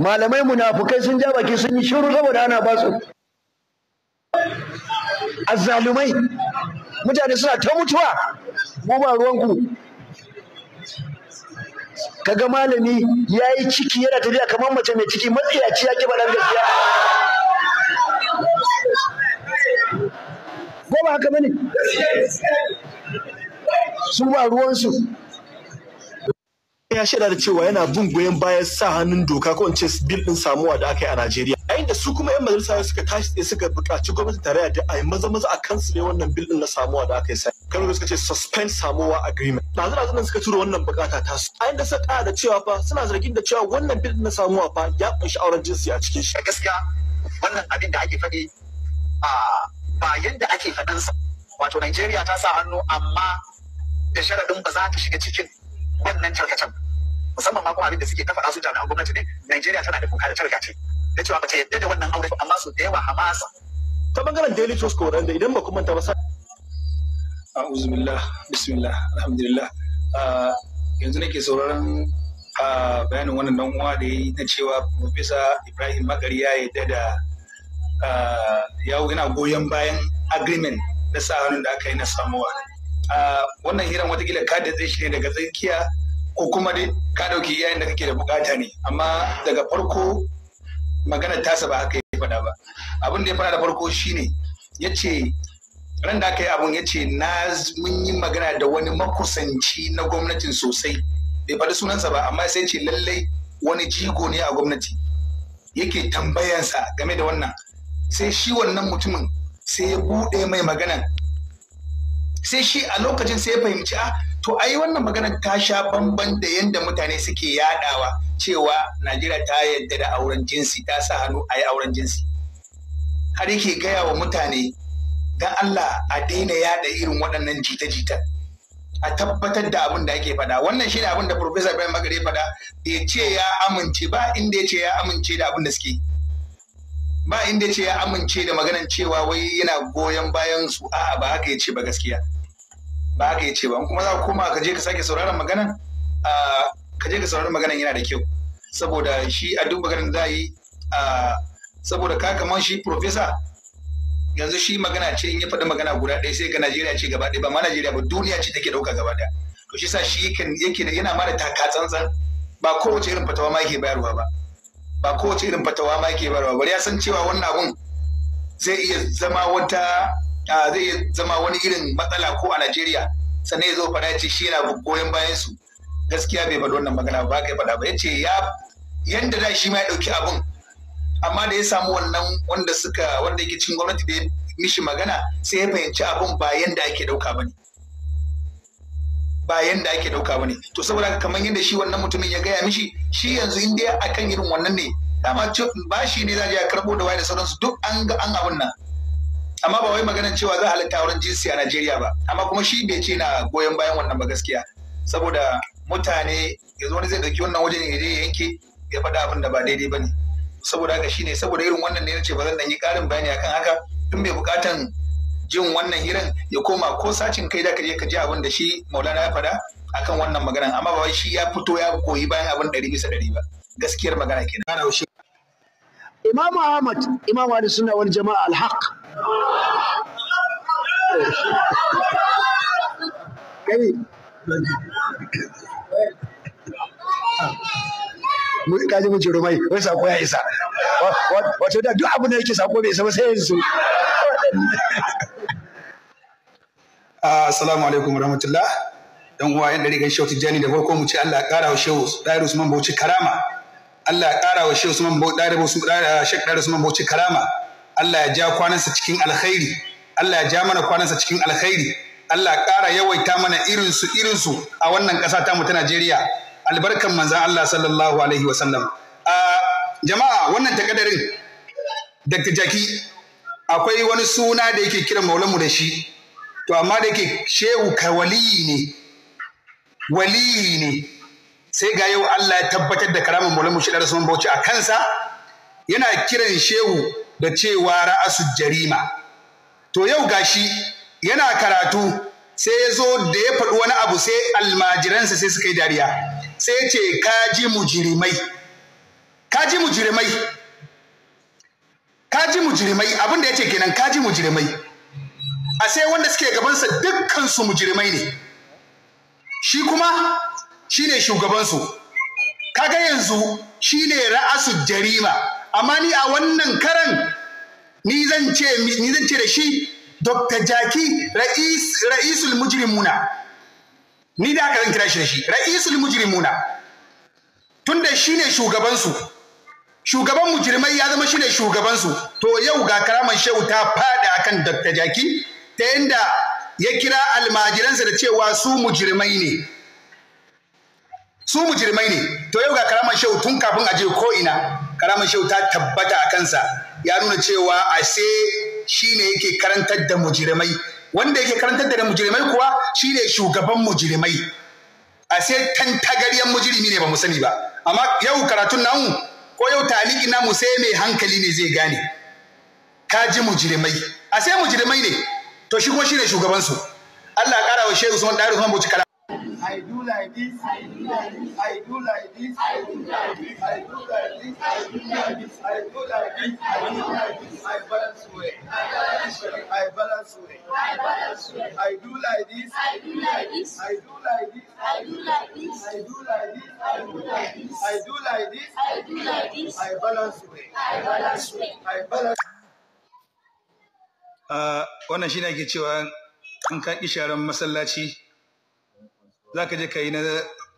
malamai munafukai sun ja baki sun yi shiru saboda ana ba su azzalumai mutane suna ta mutuwa mu ba ruwanku kaga malami ya yi ciki yana tafiya kamar mace mai ciki matsiyaci ya kiba gaskiya ko ba haka bane su ba ruwansu ya shaida da cewa yana bin goyon bayan sa hannun doka ko in ce din samuwa da aka yi a Najeriya. Yayin da su kuma 'yan majalisa suka tashi tsaye suka buƙaci gwamnati tarayya da a yi maza maza a kansu ne wannan bill din na samuwa da aka yi sai. Kano suka ce suspend samuwa agreement. Ɗazu ɗazu nan suka turo wannan buƙata ta su. Yayin da suka ƙara da cewa fa suna zargin da cewa wannan bill din na samuwa fa ya ƙunshi auren jinsi a cikin shi. Gaskiya wannan abin da ake faɗi ba yadda ake faɗansa. Wato Najeriya ta sa hannu amma da sharaɗin ba za ta shiga cikin wannan tarkacen musamman ma kuma abin da suke ta faɗa su jami'an gwamnati ne Najeriya tana da kuka da rigace da cewa bace yadda da wannan aure amma su da yawa hamasa ta bangaren daily trust ko da idan ba kuma ta ba a'udhu billah bismillah alhamdulillah ah, yanzu nake sauraron ah, bayanin wannan dan uwa da yi na cewa Profesa Ibrahim Magari ya yadda da ah, yawo yana goyon bayan agreement na sa hannun da aka yi na samuwa wannan hiran watakila ka da shi ne daga tsakiya ko kuma dai ka ɗauki yayin da kake da bukata ne amma daga farko magana tasa ba haka ya fada ba abin da ya fada da farko shine ya ce ran da aka yi abun ya ce na mun yi magana da wani makusanci na gwamnatin sosai bai faɗi sunansa ba amma sai ce lallai wani jigo ne a gwamnati yake tambayansa game da wannan sai shi wannan mutumin sai ya buɗe mai magana sai shi a lokacin sai ya fahimci a ah, to ai wannan magana ta sha bamban da yadda mutane suke yadawa cewa najeriya ta yadda da auren jinsi ta sa hannu a yi auren jinsi har yake gaya wa mutane don allah a daina yada irin waɗannan jita-jita a tabbatar da abin da ake faɗa wannan shi ne abin da professor bayan magare faɗa ya ce ya amince ba inda ya ce ya amince da abin da suke ba inda ce ya amince da maganan cewa wai yana goyon bayan su a'a ba haka ya ce ba gaskiya ba haka ya ce ba kuma za ka koma ka je ka sake sauraron maganan ka je ka sauraron maganan yana da kyau saboda shi a duk maganan za yi saboda ka kamar shi profesa yanzu shi magana ce in ya faɗi magana guda ɗaya sai ga Najeriya ce gaba ɗaya ba ma Najeriya ba duniya ce take ɗauka gaba ɗaya to shi sa shi yake yana mara taka tsantsan ba kowace irin fatawa ma yake bayarwa ba ba kowace irin fatawa ma yake barwa bari ya san cewa wannan abun zai iya zama wata zai iya zama wani irin matsala ko a Najeriya sannan ya zo faɗa ya ce shi yana goyon bayan su gaskiya bai faɗi wannan magana ba kai faɗa ba ya ce ya yanda da shi ma ya ɗauki abun amma da ya samu wannan wanda suka wanda yake cikin gwamnati da ya mishi magana sai ya fahimci abun ba yanda ake ɗauka ba ne. ba yanda ake dauka bane to saboda kamar yanda shi wannan mutumin ya gaya mishi shi yanzu in dai akan irin wannan ne dama shi ne za a karbo da waye da sauransu duk an ga an abun nan amma ba wai maganar cewa za a halatta wurin jinsi a Najeriya ba amma kuma shi bai ce na goyon bayan wannan ba gaskiya saboda mutane yanzu wani zai dauki wannan wajen ya je ya yanke ya faɗa abin da ba daidai ba ne saboda haka shine saboda irin wannan ne ce ba zan yi ƙarin bayani akan haka tun bai buƙatan jin wannan irin ya koma ko sacin kai da kaje ka ji abin da shi maulana ya fada akan wannan magana amma ba wai shi ya fito ya koyi bayan abin ɗari bisa ɗari ba gaskiyar magana kenan Imam Ahmad Imam Ali Sunna wal Jama'a al kai mun kaji mun jiro mai wai sako ya isa wato da duk abin da yake sako bai isa ba sai yanzu ah, assalamu alaikum warahmatullah dan uwa yan darigan shawti jani da farko mu ce Allah ya kara wa shehu dairu usman bauchi karama Allah ya kara wa shehu usman bauchi dairu ah, shek dairu usman bauchi karama Allah ya ja kwanansa cikin alkhairi Allah ya ja mana kwanansa cikin alkhairi Allah ya kara yawaita mana irinsu irinsu a wannan ta mu ta Najeriya albarkan manzan Allah sallallahu alaihi wasallam jama'a wannan takadarin Dr. Jaki akwai wani suna da yake kira maulanmu da shi to amma da yake shehu ka waliyi ne waliyi ne sai ga yau Allah ya tabbatar da karamin maulanmu shi da rasuwan bauchi a kansa yana kiran shehu da cewa ra'asu jarima to yau gashi yana karatu sai ya zo da ya faɗi wani abu sai almajiransa sai suka yi dariya sai ya ce kaji mujirimai kaji mujirimai kaji mujirimai abinda ya ce kenan kaji mujirimai a sai wanda suke gabansa dukkansu mujirimai ne shi kuma shi ne shugabansu kaga yanzu shi ne ra'asu jarima amma ni a wannan karan ni zan ce da shi Dr. Jaki ra'isul mujirimuna ni da aka zan kira shi da shi ra'isul mujrimuna tunda shine shugaban su shugaban mujrimai ya zama shine shugaban su to yau ga karaman shehu ta fada akan Dr. Jaki ta yanda ya kira almajiransa da cewa su mujrimai ne su mujrimai ne to yau ga karaman shehu tun kafin a je ko ina karaman shehu ta tabbata a kansa ya nuna cewa ashe shine yake karantar da mujrimai wanda yake karantar da mujirimai kuwa shine shugaban mujirimai a sai tantagariyar mujirimi ne ba mu sani ba amma yau karatun namu ko yau taliki mu sai mai hankali ne zai gane ka ji mujrimai a sai mujirimai ne to shi kuma shine shugaban su Allah ya kara wa Shehu Usman Dari mabuci I do like this. I do like this. I do like this. I do like this. I do like this. I do like this. I do like this. I do like I balance way. I balance way. I balance way. I do like this. I do like this. I do like this. I do like this. I do like this. I do like this. I do like this. I do like this. I balance way. I balance way. I balance. Uh, wannan shine ake cewa in ka ƙi sharan masallaci za ka je ka yi na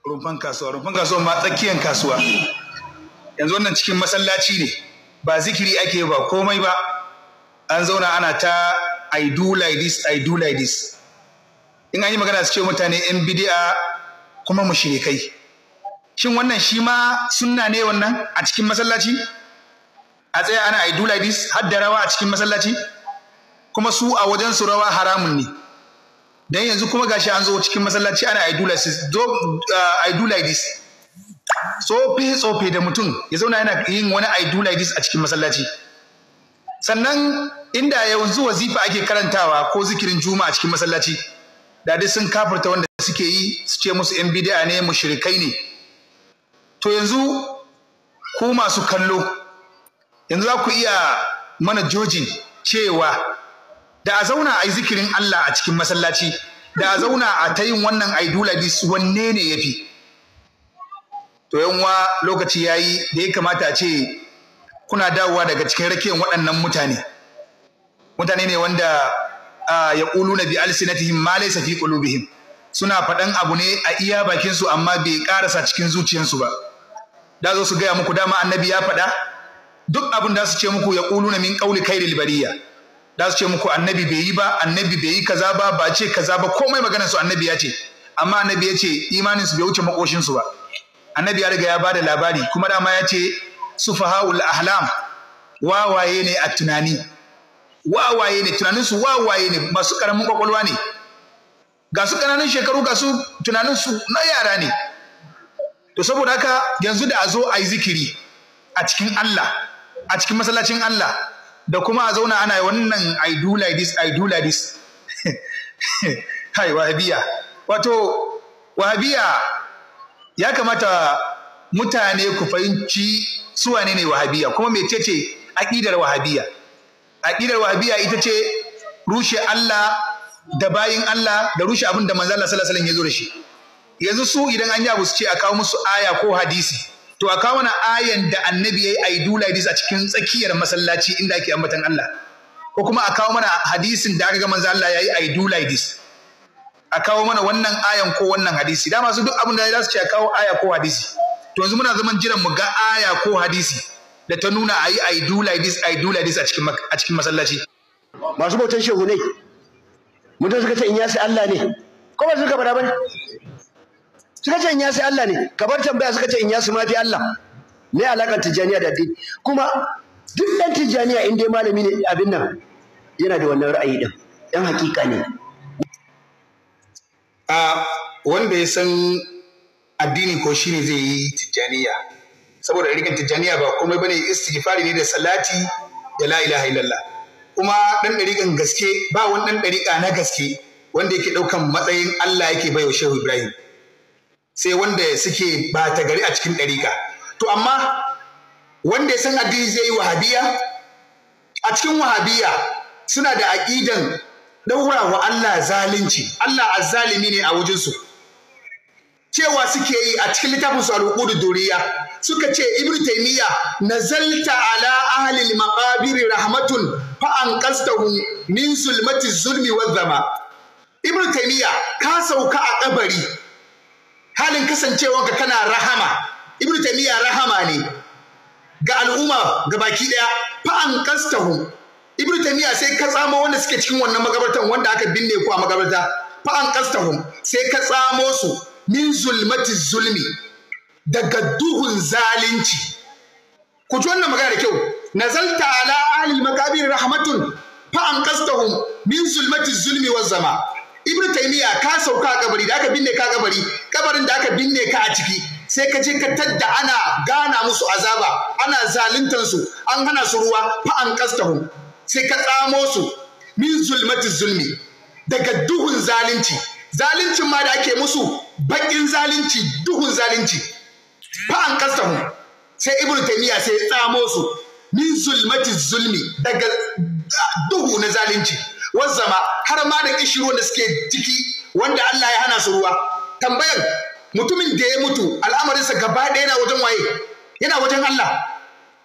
rumfan kasuwa rumfan kasuwa ma tsakiyan kasuwa yanzu wannan cikin masallaci ne ba zikiri ake ba komai ba an zauna ana ta i do like this i do like this in an yi magana su ce mutane yan bidi'a kuma mu kai. shin wannan shi ma sunna ne wannan a cikin masallaci a tsaya ana i do like this har da rawa a cikin masallaci kuma su a wajen su rawa haramun ne dan yanzu kuma gashi an zo cikin masallaci ana i do uh, tsofe tsofe da mutum ya zauna yana yin wani this a cikin masallaci sannan inda yanzu wazifa ake karantawa ko zikirin juma'a cikin masallaci da dai sun kafirta wanda suke yi su ce musu yan bid'a ne mushrikai ne to yanzu ku masu kallo yanzu za ku iya mana jojin cewa da a zauna a yi zikirin Allah a cikin masallaci da a zauna a ta yin wannan aiduladis wanne ne ya fi to yanwa lokaci ya yi da ya kamata a ce kuna dawowa daga cikin rakiyar waɗannan mutane mutane ne wanda ya ƙulu na bi alsinatihim ma sa, fi qulubihim suna faɗan abu ne a iya bakinsu amma bai ƙarasa cikin zuciyarsu ba da zo su gaya muku dama annabi ya faɗa duk abin da su ce muku ya ƙulu na min ƙauli kairil bariya da su ce muku annabi bai yi ba annabi bai yi kaza ba ba ce kaza ba komai maganar su annabi ya ce amma annabi ya ce imanin su bai wuce makoshin su ba annabi ya riga ya bada labari kuma dama ya ce sufahaul ahlam wawaye ne a tunani wawaye ne tunanin su wawaye ne masu karamin kwakwalwa ne ga su kananan shekaru ga su tunanin su na yara ne to saboda haka yanzu da a zo a yi zikiri a cikin Allah a cikin masallacin Allah da kuma a zauna ana wannan I do like this I do like this hai wahabiya wato wahabiya ya kamata mutane ku fahimci su wane ne wahabiya kuma mecece aƙidar wahabiya aƙidar wahabiya ita ce rushe Allah da bayin Allah da rushe abin da manzala salasalin ya zo da shi yanzu su idan an yi abu su ce a kawo musu aya ko hadisi to a kawo mana ayan da annabi ya yi do like a cikin tsakiyar masallaci inda ake ambatan Allah ko kuma a kawo mana hadisin da aka ga manzo Allah ya yi do like a kawo mana wannan ayan ko wannan hadisi dama su duk abin da za su ce a kawo aya ko hadisi to yanzu muna zaman jiran mu ga aya ko hadisi da ta nuna a yi do like this I a cikin a cikin masallaci masu bautan shehu ne mutum suka ce in ya sai Allah ne ko ba su ka bada bane suka ce in yasi Allah ne kabar tambaya suka ce in yasi ma fi Allah me alakan tijaniya da addini kuma duk dan tijaniya in dai malami ne abin nan yana da wannan ra'ayi din dan hakika ne a wanda ya san addini ko shine zai yi tijaniya saboda rikin tijaniya ba komai bane istighfari ne da salati da la ilaha illallah kuma dan dariƙan gaske ba wani dan dariƙa na gaske wanda yake ɗaukan matsayin Allah yake baiwa Shehu Ibrahim sai wanda suke ba ta gari a cikin ɗariƙa to amma wanda ya san addini zai yi wahabiya a cikin wahabiya suna da aƙidan ɗaura wa Allah zalunci Allah azzalimi ne a wajensu cewa suke yi a cikin littafin su al duriya suka ce Taimiyya na nazalta ala ahli maƙabiri maqabir rahmatun fa anqastahum min zulmati zulmi wadh zama Ibn taimiyya ka sauka a kabari halin kasancewanka kana rahama ibnu taymiya rahama ne ga al'umma ga baki daya fa an kastahu ibnu taymiya sai ka tsamo wanda suke cikin wannan magabartan wanda aka binne ku a magabarta fa an kastahu sai ka tsamo su min zulmati zulmi daga duhun zalunci ku ji wannan magana da kyau nazalta ala ahli makabir rahmatun fa an kastahu min zulmati zulmi wa zama ibnu taymiya ka sauka a kabari da aka binne ka kabari kabarin da aka binne ka a ciki sai ka je ka tadda ana gana musu azaba ana zaluntar su an hana su ruwa fa an kastahu sai ka tsamo su min zulmati zulmi daga duhun zalunci zaluncin ma da ake musu bakin zalunci duhun zalunci fa an kastahu sai Ibn taymiya sai ya tsamo su min zulmati zulmi daga duhu na zalunci wazzama har ma da kishi da suke jiki wanda Allah ya hana su ruwa tambayar mutumin da ya mutu al'amarinsa gaba ɗaya yana wajen waye yana wajen Allah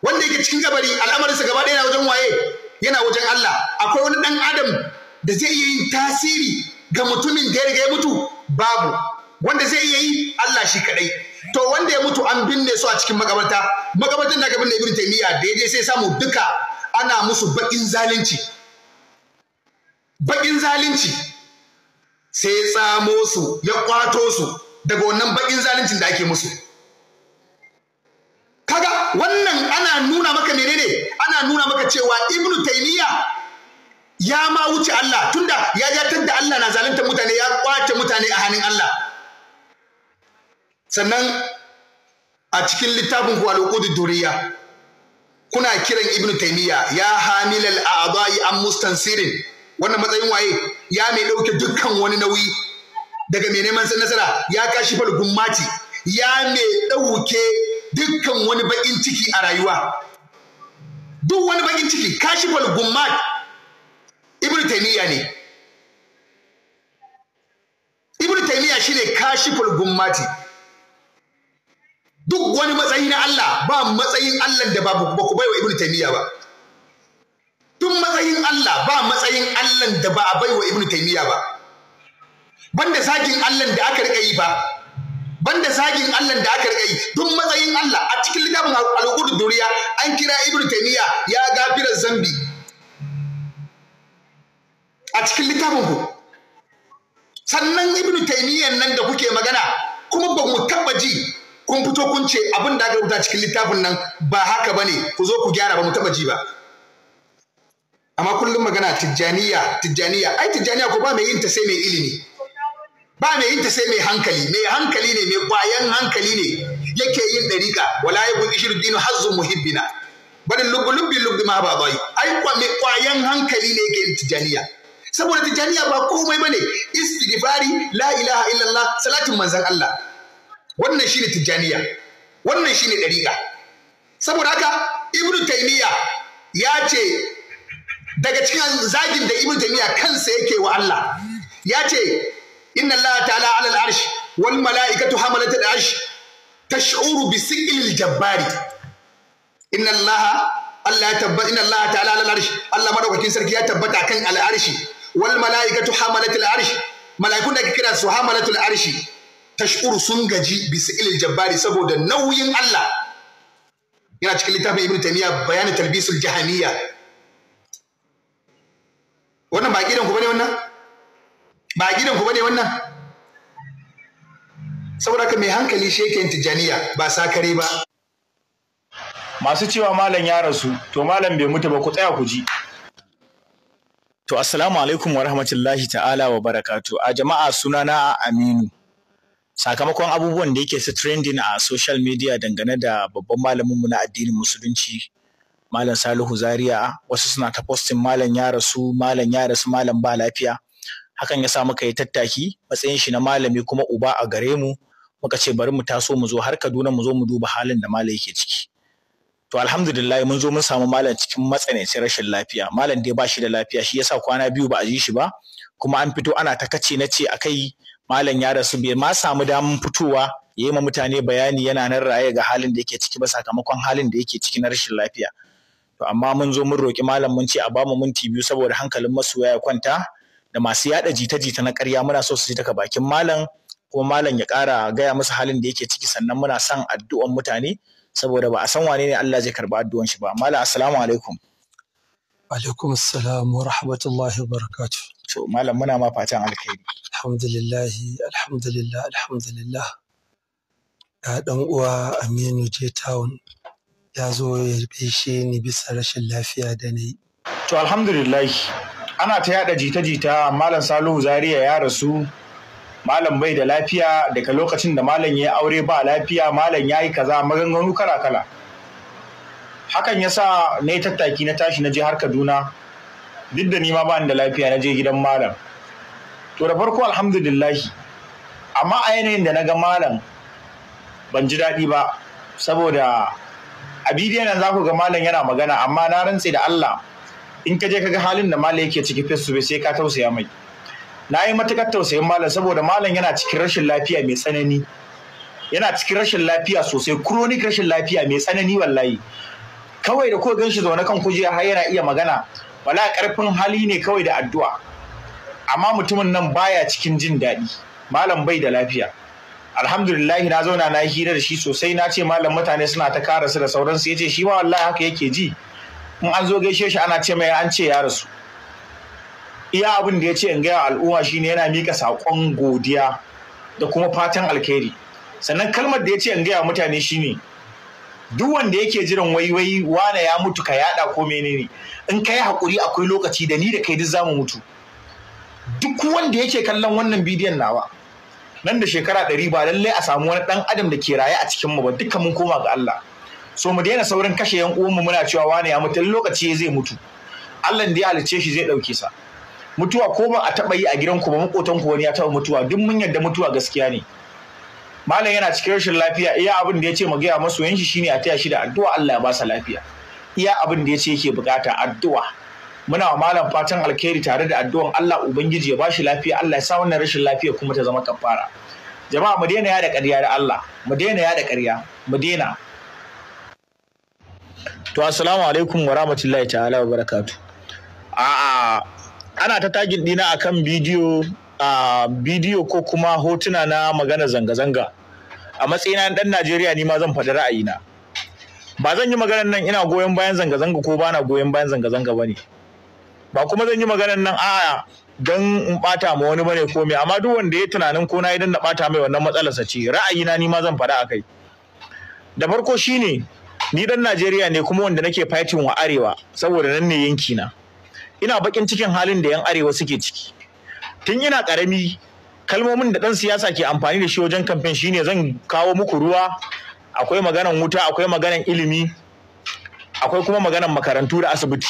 wanda yake cikin kabari al'amarinsa gaba ɗaya yana wajen waye yana wajen Allah akwai wani ɗan adam da zai iya yin tasiri ga mutumin da ya riga ya mutu babu wanda zai iya yi Allah shi kaɗai to wanda ya mutu an binne su a cikin magabata, magabatan da aka binne Ibn Taymiyyah daidai sai samu duka ana musu baƙin zalunci baƙin zalunci sai ya tsamo su ya ƙwato su daga wannan baƙin zaluncin da ake musu kaga wannan ana nuna maka menene ana nuna maka cewa ibnu taimiyya ya ma wuce Allah tunda ya jatar da Allah na zalunta mutane ya kwace mutane a hannun Allah sannan a cikin littafin ku duriya kuna kiran ibnu taymiya ya hamilal a'adai an mustansirin wannan matsayin waye ya mai ɗauke dukkan wani nauyi daga mai neman nasara ya kashi mati, ya mai ɗauke dukkan wani baƙin ciki a rayuwa duk wani baƙin ciki kashi falgummat ibn taymiya ne ibn taymiya shine kashi mati. duk wani matsayi na Allah ba matsayin Allah da babu ba ku baiwa ibn taymiya ba duk matsayin Allah ba matsayin Allah da ba a baiwa Ibn Taymiyyah ba banda zagin Allah da aka rika yi ba banda zagin Allah da aka rikai tun matsayin Allah a cikin littafin al'ukudu duriya an kira Ibn Taymiya ya gafira zambi a cikin littafin ku sannan Ibn Taymiyyah nan da kuke magana kuma ba mu taba ji kun fito kun ce abin da aka rubuta cikin littafin nan ba haka ne ku zo ku gyara ba mu taba ji ba amma kullum magana tijjaniya tijjaniya ai tijjaniya ko ba mai yin ta sai mai ilimi ba mai yin ta sai mai hankali mai hankali ne mai kwayan hankali ne yake yin dariƙa wala ishir ishirdinu hazzun muhibbina bal lubbi lubbi ma ba bai ai kwa mai kwayan hankali ne yake yin tijjaniya saboda tijjaniya ba komai bane istighfari la ilaha illallah salatin manzon Allah wannan shine tijjaniya wannan shine dariƙa saboda haka ibnu taymiya ya ce daga cikin zagin da ibnu taymiya kansa yake wa Allah ya ce inna Allah ta'ala 'ala al-arsh wal mala'ikatu hamalat al tash'uru bi si'il jabbari inna Allah Allah ya inna Allah ta'ala 'ala al Allah madaukakin sarki ya tabbata kan al-arshi wal mala'ikatu hamalat al-arsh mala'ikun da kira su hamalat al-arshi tash'uru sun gaji bi si'il jabbari saboda nauyin Allah yana cikin littafin ibnu taymiya bayanin talbisul jahamiyya wannan ba gidan ku bane wannan ba gidan bane wannan saboda ka mai hankali shi yake tijaniya ba sakare ba masu cewa malam ya rasu to malam bai mutu ba ku tsaya ku ji to assalamu alaikum wa rahmatullahi ta'ala wa barakatu a jama'a suna sunana Aminu sakamakon abubuwan da yake su trending a social media dangane da babban malamin mu na addinin musulunci malam salihu zaria wasu suna ta postin malam ya rasu malam ya rasu malam ba lafiya hakan ya sa muka yi tattaki matsayin shi na malami kuma uba a gare mu muka ce bari mu taso mu zo har kaduna mu zo mu duba halin da malam yake ciki to alhamdulillah mun zo mun samu malam cikin matsanancin rashin lafiya malam dai ba shi da lafiya shi yasa kwana biyu ba a ji shi ba kuma an fito ana ta kace na ce akai malam ya rasu bai ma samu daman fitowa ya yi ma mutane bayani yana nan raye ga halin da yake ciki ba sakamakon halin da yake ciki na rashin lafiya to amma mun zo mun roki malam mun ce a bamu minti biyu saboda hankalin masoya ya kwanta da masu yada jita-jita na ƙarya muna so su ji daga bakin malam kuma malam ya ƙara gaya musu halin da yake ciki sannan muna son addu'an mutane saboda ba a san wane ne Allah zai karba addu'an shi ba malam assalamu alaikum alaikum assalam wa rahmatullahi wa barakatuh to malam muna ma fatan alkhairi alhamdulillah alhamdulillah alhamdulillah ya dan uwa Aminu J Town ya zo ya gaishe ni bisa rashin lafiya da na To alhamdulillah ana ta yada jita-jita Malam Salihu Zariya ya rasu Malam bai da lafiya daga lokacin da Malam ya aure ba lafiya Malam ya yi kaza maganganu kala-kala. Hakan ya sa na yi tattaki na tashi na je har Kaduna duk da nima ba da lafiya na je gidan Malam. To da farko alhamdulillah amma a yanayin da na ga Malam ban ji daɗi ba saboda a bidiyon nan za ku ga malam yana magana amma na rantse da Allah in ka je ka ga halin da malam yake ciki fesu bai sai ka tausaya mai na yi matukar tausayin malam saboda malam yana cikin rashin lafiya mai tsanani yana cikin rashin lafiya sosai chronic rashin lafiya mai tsanani wallahi kawai da ko gan shi zaune kan kujera har yana iya magana wala karfin hali ne kawai da addu'a amma mutumin nan baya cikin jin daɗi malam bai da lafiya alhamdulillah na zauna na hira da shi sosai na ce malam mutane suna ta kara su da sauransu ce shi ma wallahi haka yake ji in an zo gaishe shi ana ce mai an ce ya rasu iya abin da ya ce in gaya al'umma shine yana mika saƙon godiya da kuma fatan alkhairi sannan kalmar da ya ce in gaya mutane shi ne. duk wanda yake jiran waiwai wane ya mutu ka yada ko menene in kai hakuri akwai lokaci da ni da kai duk zamu mutu duk wanda yake kallon wannan bidiyon nawa nan da shekara ɗari ba lallai a samu wani ɗan adam da ke raye a cikin mu ba dukkan mun koma ga Allah so mu daina saurin kashe yan uwanmu muna cewa wane ya mutu lokaci zai mutu Allah da ya halice shi zai ɗauke sa mutuwa ko ba a taɓa yi a gidan ku ba ku wani ya taɓa mutuwa duk mun yarda mutuwa gaskiya ne malam yana cikin rashin lafiya iya abin da ya ce mu gaya masoyan shi shine a taya shi da addu'a Allah ya ba sa lafiya iya abin da ya ce yake bukata addu'a muna wa malam fatan alkhairi tare da addu'an Allah ubangiji ya bashi lafiya Allah ya sa wannan rashin lafiya kuma ta zama kafara jama'a mu daina yada ƙarya da Allah mu daina yada ƙarya mu daina to assalamu alaikum wa rahmatullahi ta'ala wa barakatu a'a ana ta tagin dina akan bidiyo a bidiyo ko kuma hotuna na magana zanga-zanga a matsayina dan Najeriya ni ma zan faɗi ra'ayina ba zan yi maganar nan ina goyon bayan zanga-zanga ko ba na goyon bayan zanga-zanga ne? ba kuma zan yi maganan nan a don in bata ma wani bane komai, me amma duk wanda ya tunanin ko na idan na bata mai wannan sa ce ra'ayina ni ma zan faɗa akai da farko shine ni dan Najeriya ne kuma wanda nake fighting wa arewa saboda nan ne yanki na ina bakin cikin halin da yan arewa suke ciki tun ina karami kalmomin da dan siyasa ke amfani da shi wajen kamfen shine zan kawo muku ruwa akwai maganan wuta akwai maganan ilimi akwai kuma maganan makarantu da asibiti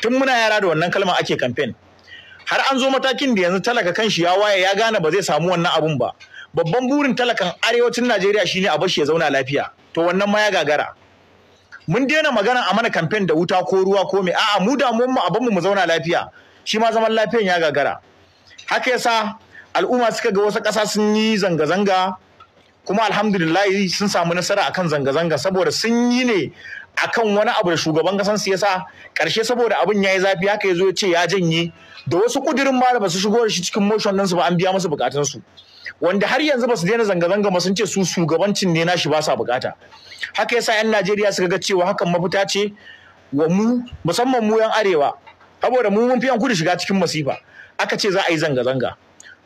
tun muna yara da wannan kalma ake kamfen. har an zo matakin da yanzu talaka kan shi ya waye ya gane ba zai samu wannan abun ba babban burin talakan arewacin Najeriya shine a bashi ya zauna lafiya to wannan ma ya gagara mun daina magana a mana kamfen da wuta ko ruwa ko me a'a mu damuwar mu abin mu mu zauna lafiya shi ma zaman lafiyan ya gagara haka yasa al'umma suka ga wasu ƙasa sun yi zanga-zanga kuma alhamdulillah sun samu nasara akan zanga-zanga saboda sun yi ne akan wani abu da shugaban kasan su sa, karshe saboda abin ya yi zafi haka zo ya ce ya janye da wasu kudirin ma da basu shigo da shi cikin motion ɗinsu ba an biya musu bukatun su wanda har yanzu basu daina zanga zanga ba sun ce su shugabancin ne nashi ba sa bukata haka ya sa yan Najeriya suka ga cewa hakan mafita ce wa mu musamman mu yan arewa saboda mu mun fi yan kudu shiga cikin masifa aka ce za a yi zanga zanga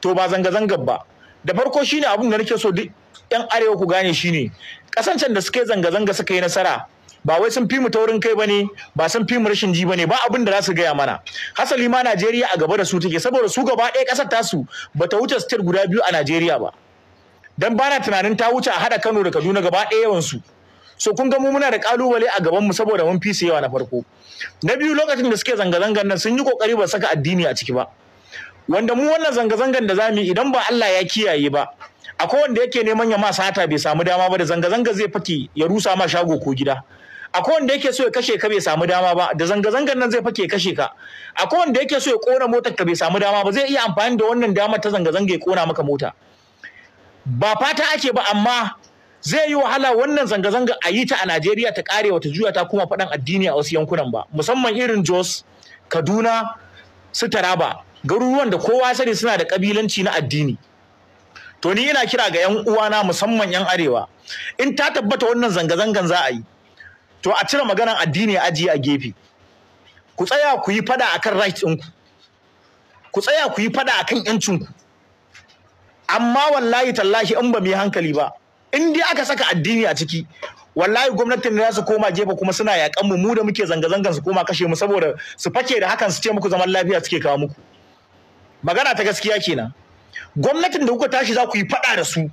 to ba zanga zangar ba da farko shine abin da nake so duk yan arewa ku gane shine kasancen da suka yi zanga zanga suka yi nasara ba wai sun fi mu taurin kai bane ba sun fi mu rashin ji bane ba abin da za su gaya mana hasali ma Najeriya a gaba da su take saboda su gaba ɗaya ƙasar tasu ba ta wuce state guda biyu a Najeriya ba dan bana tunanin ta wuce a hada Kano da Kaduna gaba ɗaya yawan su so kun ga mu muna da kalubale a gaban mu saboda mun fi su yawa na farko na biyu lokacin da suke zanga-zangan nan sun yi kokari ba saka addini a ciki ba wanda mu wannan zanga-zangan da zamu yi idan ba Allah ya kiyaye ba akwai wanda yake neman ya ma sata bai samu dama ba da zanga-zanga zai fake ya rusa ma shago ko gida akwai wanda yake so ya kashe ka bai samu dama ba da zanga-zangar nan zai fake kashe ka akwai wanda yake so ya kona motar ka bai samu dama ba zai iya amfani da wannan damar ta zanga-zanga ya kona maka mota ba fata ake ba amma zai yi wahala wannan zanga-zanga a yi ta a Najeriya ta kare wata juya ta kuma faɗan addini a wasu yankunan ba musamman irin Jos Kaduna su Taraba garuruwan da kowa sani suna da kabilanci na addini to ni ina kira ga yan uwana musamman yan arewa in ta tabbata wannan zanga-zangan za a yi to a cire maganan addini a ajiye a gefe ku tsaya ku yi fada akan right ɗinku ku tsaya ku yi fada akan ku amma wallahi tallahi in ba mu yi hankali ba in dai aka saka addini a ciki wallahi gwamnatin da su koma gefe kuma suna yakan mu mu da muke zanga-zangan su koma kashe mu saboda su fake da hakan su ce muku zaman lafiya suke kawo muku magana ta gaskiya kenan gwamnatin da kuka tashi za ku yi fada da su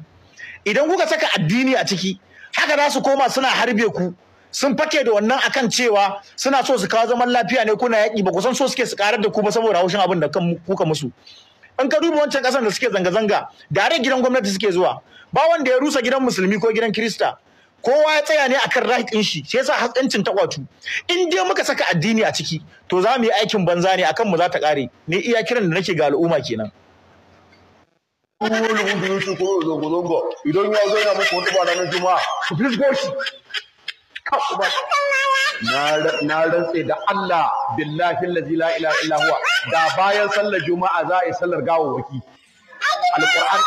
idan kuka saka addini a ciki haka za su koma suna harbe ku sun fake da wannan akan cewa suna so su kawo zaman lafiya ne kuna yaƙi ba kusan so suke su karar da ku ba saboda haushin abin da kuka musu in ka duba wancan ƙasar da suke zanga-zanga da dare gidan gwamnati suke zuwa ba wanda ya rusa gidan musulmi ko gidan kirista kowa ya tsaya ne akan right ɗin shi sai yasa hatsincin ta kwatu in dai muka saka addini a ciki to za mu yi aikin banza ne akan mu za ta ƙare ne iya kiran da nake ga al'umma kenan idan ya zo yana muku wata ba na juma'a ku fisgo shi na rantse da Allah billahi allazi la ilaha illa huwa da bayan sallar juma'a za a yi sallar gawawaki alquran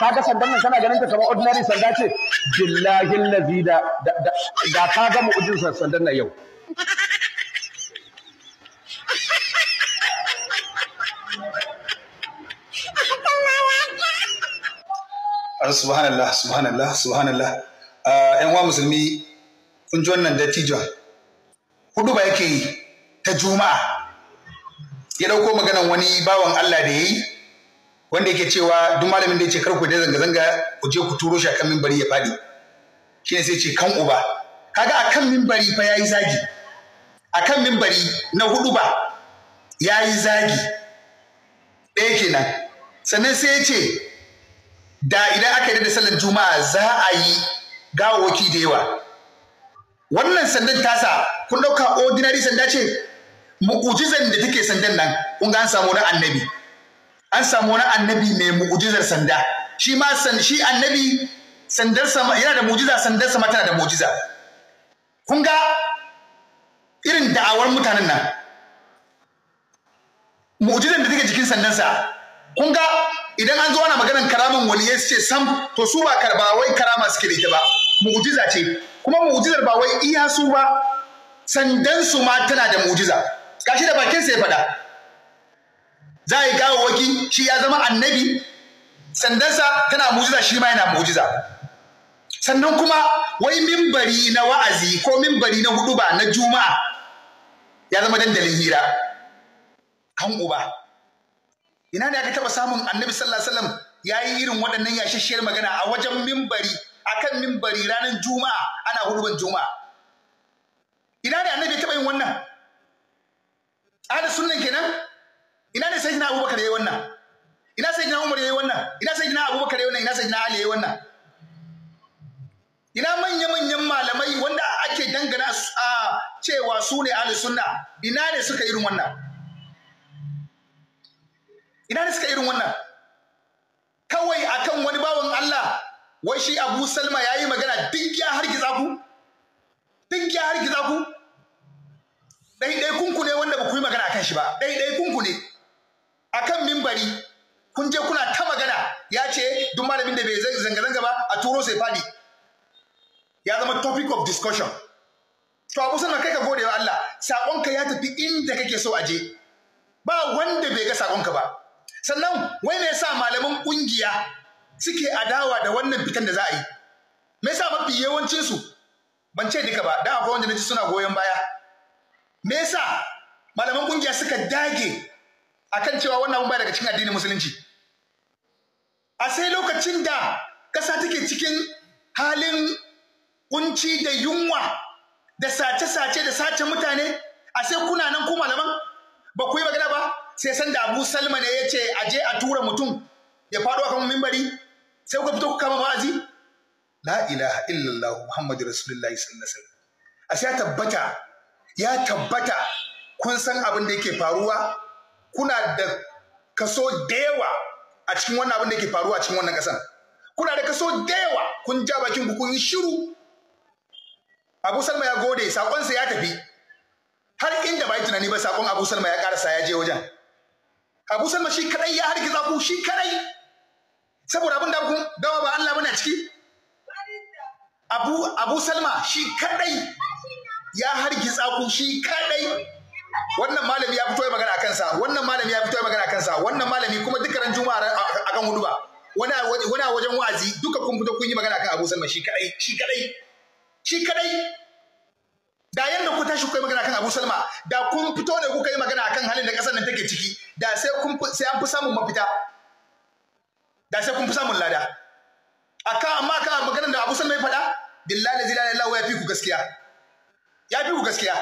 ka ga sandan nan kana ganin ta kamar ordinary sanda ce billahi allazi da da ka ga mu'jizar sandan nan yau subhanallah subhanallah subhanallah ah, yan wa musulmi kun ji wannan dattijon hudu ba yake yi ta juma'a ya ɗauko maganan wani bawan Allah da yayi wanda yake cewa duk malamin da yace kar ku da zanga zanga ku je ku turo shi akan minbari ya fadi shine sai ce kan uba kaga akan mimbari fa yayi zagi akan mimbari na hudu ba yayi zagi ɗaya kenan sannan sai ya ce da idan aka yi da sallar juma'a za a yi gawawaki da yawa wannan sandan tasa kun dauka ordinary sanda ce mu'ujizan da take sandan nan kun ga an samu wani annabi an samu wani annabi mai mu'ujizar sanda shi ma san shi annabi sandar sama yana da mu'ujiza sandar sama tana da mu'ujiza kun ga irin da'awar mutanen nan mu'ujizar da take jikin sandan sa, kun ga idan an zo ana maganar karaman waliyai su ce sam to su ba karba wai karama suke da ita ba mu'ujiza ce kuma mu'jizar ba wai iya su ba sandan su ma tana da mu'jiza gashi da bakin sa ya faɗa za a yi waki shi ya zama annabi sandansa tana mu'jiza shi ma yana mu'jiza sannan kuma wai mimbari na wa'azi ko mimbari na hudu ba na juma'a ya zama dandalin hira kan uba ina ne aka taba samun annabi sallallahu alaihi wasallam yayi irin waɗannan yashishiyar magana a wajen mimbari akan mimbari ranar juma'a ana huduban juma'a ina ne annabi taɓa yin wannan ada sunnan kenan ina ne sayyidina abubakar yayi wannan ina sayyidina umar yayi wannan ina sayyidina abubakar yayi wannan ina sayyidina ali yayi wannan ina manya manyan malamai wanda ake dangana a cewa su ne ahli sunna ina ne suka irin wannan ina ne suka irin wannan kawai akan wani bawan Allah wai shi Abu Salma ya yi magana duk ya hargiza ku duk ya hargiza ku ɗaiɗai kunku ne wanda ba ku yi magana akan shi ba ɗaiɗai kunku ne akan mimbari kun je kuna ta magana ya ce duk malamin da bai zanga-zanga ba a turo sai fadi ya zama topic of discussion to Abu Salma kai ka gode wa Allah saƙonka ya tafi inda kake so a je ba wanda bai ga saƙonka ba sannan wai me yasa malamin ƙungiya suke adawa da wannan fitan da za a yi me yasa mafi yawancin su ban ce duka ba da akwai wanda nace suna goyon baya me yasa malaman kungiya suka dage akan cewa wannan abun baya daga cikin addinin musulunci a sai lokacin da kasa take cikin halin kunci da yunwa da sace-sace da sace mutane a sai kuna nan ku malaman ba ku yi magana ba sai sanda da Abu Salma ne ya ce a je a tura mutum ya faɗo akan mimbari sai ku fito ku kama aji? la ilaha illallah muhammadu rasulullah sallallahu alaihi wasallam ashe ya tabbata ya tabbata kun san abin da yake faruwa kuna da kaso da yawa a cikin wannan abin da yake faruwa a cikin wannan kasan kuna da kaso da yawa kun ja bakin ku kun yi shiru Abu Salma ya gode sakonsa ya tafi har inda bai tunani ba sakon Abu Salma ya karasa ya je wajen Abu Salma shi kadai ya harkiza ku shi kadai saboda abin da kun dawa ba Allah muna ciki Abu Abu Salma shi kadai ya hargitsa ku shi kadai wannan malami ya fito ya magana akan sa wannan malami ya fito ya magana akan sa wannan malami kuma duka ran juma'a akan huduba wani wani wajen wa'azi duka kun fito kun yi magana akan Abu Salma shi kadai shi kadai shi kadai da yadda ku tashi yi magana kan Abu Salma da kun fito ne kuka yi magana akan halin da kasar nan take ciki da sai kun sai an fi samun mafita da sai kun fi samun lada akan amma ka maganar da Abu Salma ya faɗa billahi da ilaha ya fi ku gaskiya ya fi ku gaskiya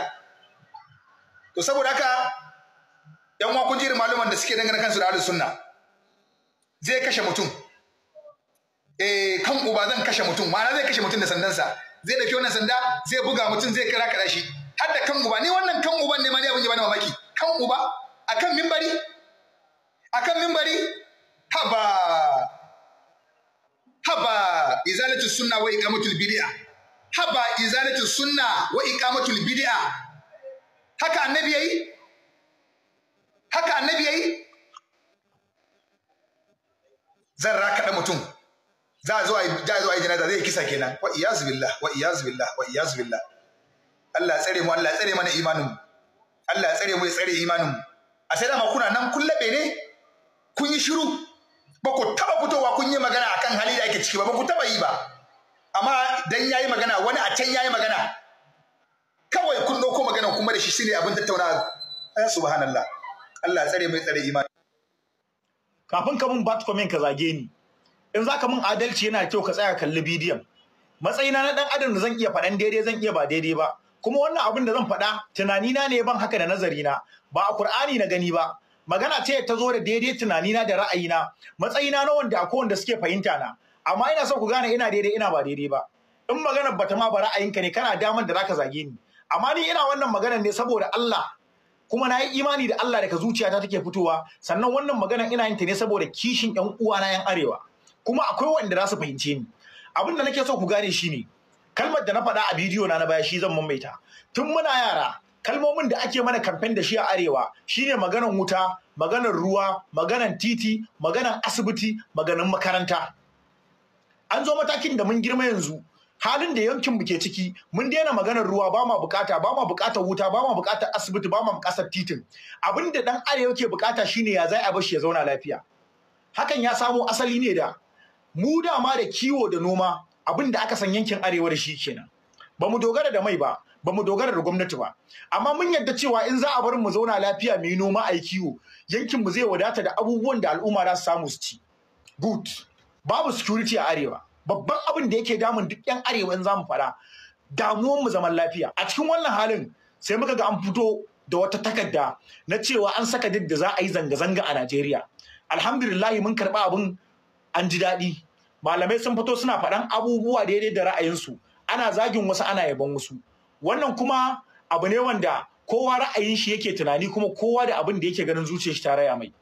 to saboda haka yan uwa kun jiri maluman da suke dangana kansu da ahlus sunna zai kashe mutum eh kan uba zan kashe mutum ma'ana zai kashe mutum da sandansa zai dauki wannan sanda zai buga mutum zai kira kaɗa shi har da kan uba ni wannan kan uban ne ma ne abin ya bani mamaki kan uba akan mimbari akan mimbari haba haba izalatu sunna wa iqamatul bid'a haba izalatu sunna wa iqamatul bid'a haka annabi yayi haka annabi yayi zan raka da mutum za a zo a yi janaza zai kisa kenan wa iyaz billah wa iyaz billah wa iyaz billah Allah tsare mu Allah tsare mana imanin mu Allah tsare mu ya tsare imanin mu a sai dama kuna nan kun ne kun yi shiru ba ku taba fitowa kun yi magana akan hali da ake ciki ba ba ku taba yi ba amma dan yayi magana wani a can yayi magana kawai kun dauko magana kuma da shi shine abin tattauna ya eh, subhanallah Allah tsare mai tsare imani kafin ka mun bat comment ka zage ni in zaka mun adalci yana kyau ka tsaya kalli bidiyon matsayina na dan adam da zan iya faɗan daidai zan iya ba daidai ba kuma wannan abin da zan faɗa tunanina ne ban haka da nazarina ba a Kur'ani na gani ba magana ce ta zo da daidai tunanina da ra'ayina matsayina na wanda akwai wanda suke fahimta na amma ina son ku gane ina daidai ina ba daidai ba in maganar bata ma ba ra'ayinka ne kana daman da zaka zage ni amma ni ina wannan maganar ne saboda Allah kuma na yi imani da Allah daga zuciyata take fitowa sannan wannan maganar ina yin ta ne saboda kishin yan na yan arewa kuma akwai wanda za su fahimce ni abin da nake so ku gane shi ne. kalmar da na faɗa a bidiyo na na baya shi zan mammaita. tun muna yara kalmomin da ake mana kamfen da shi a arewa shine maganan wuta maganan ruwa maganan titi maganan asibiti maganan makaranta an zo matakin da mun girma yanzu halin da yankin mu ke ciki mun daina maganar ruwa ba ma bukata ba ma bukatar wuta ba ma bukatar asibiti ba ma bukatar titin abin da dan arewa ke bukata shine ya zai a ya zauna lafiya hakan ya samo asali ne da mu dama da kiwo da noma abin da aka san yankin arewa da shi kenan ba mu dogara da mai ba ba mu dogara da gwamnati ba amma mun yadda cewa in za a bar mu zauna lafiya mu yi noma a kiwo yankin mu zai wadata da abubuwan da al'umma za su samu su ci good babu security a arewa babban abin da yake damun duk yan arewa in za mu fara damuwan mu zaman lafiya a cikin wannan halin sai muka ga an fito da wata takarda na cewa an saka duk da za a yi zanga-zanga a Najeriya alhamdulillah mun karba abin an ji daɗi malamai sun fito suna faɗan abubuwa daidai da ra'ayinsu ana zagin wasu ana yabon wasu wannan kuma abu ne wanda kowa ra'ayin shi yake tunani kuma kowa da abin da yake ganin zuciyar shi ta raya mai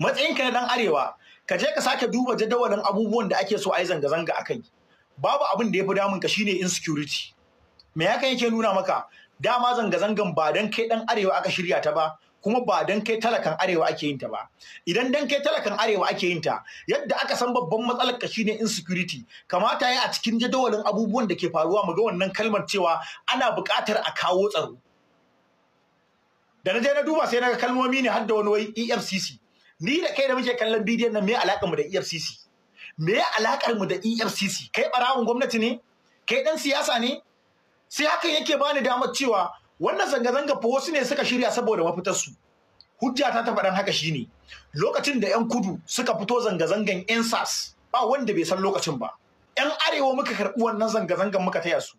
matsayinka na dan arewa ka je ka sake duba jadawalin abubuwan da ake so a yi zanga-zanga a kai babu abin da ya fi damun ka shine insecurity me haka yake nuna maka dama zanga-zangan ba dan kai ɗan arewa aka shirya ta ba kuma ba dan kai talakan arewa ake yin ta ba idan dan kai talakan arewa ake yin ta yadda aka san babban matsalar ka shine insecurity kamata ya a cikin jadawalin abubuwan da ke faruwa mu ga wannan kalmar cewa ana buƙatar a kawo tsaro da na je na duba sai naga kalmomi ne har da wani wai EFCC ni da kai da muke kallon bidiyon nan me alakar mu da EFCC me alakar mu da EFCC kai barawun gwamnati ne kai dan siyasa ne sai hakan yake bani damar cewa wannan zanga-zanga fa wasu ne suka shirya saboda mafitarsu hujja ta faɗan haka shi ne. lokacin da 'yan kudu suka fito zanga-zangan 'yan sas ba wanda bai san lokacin ba 'yan arewa muka karɓi wannan zanga-zangan muka taya su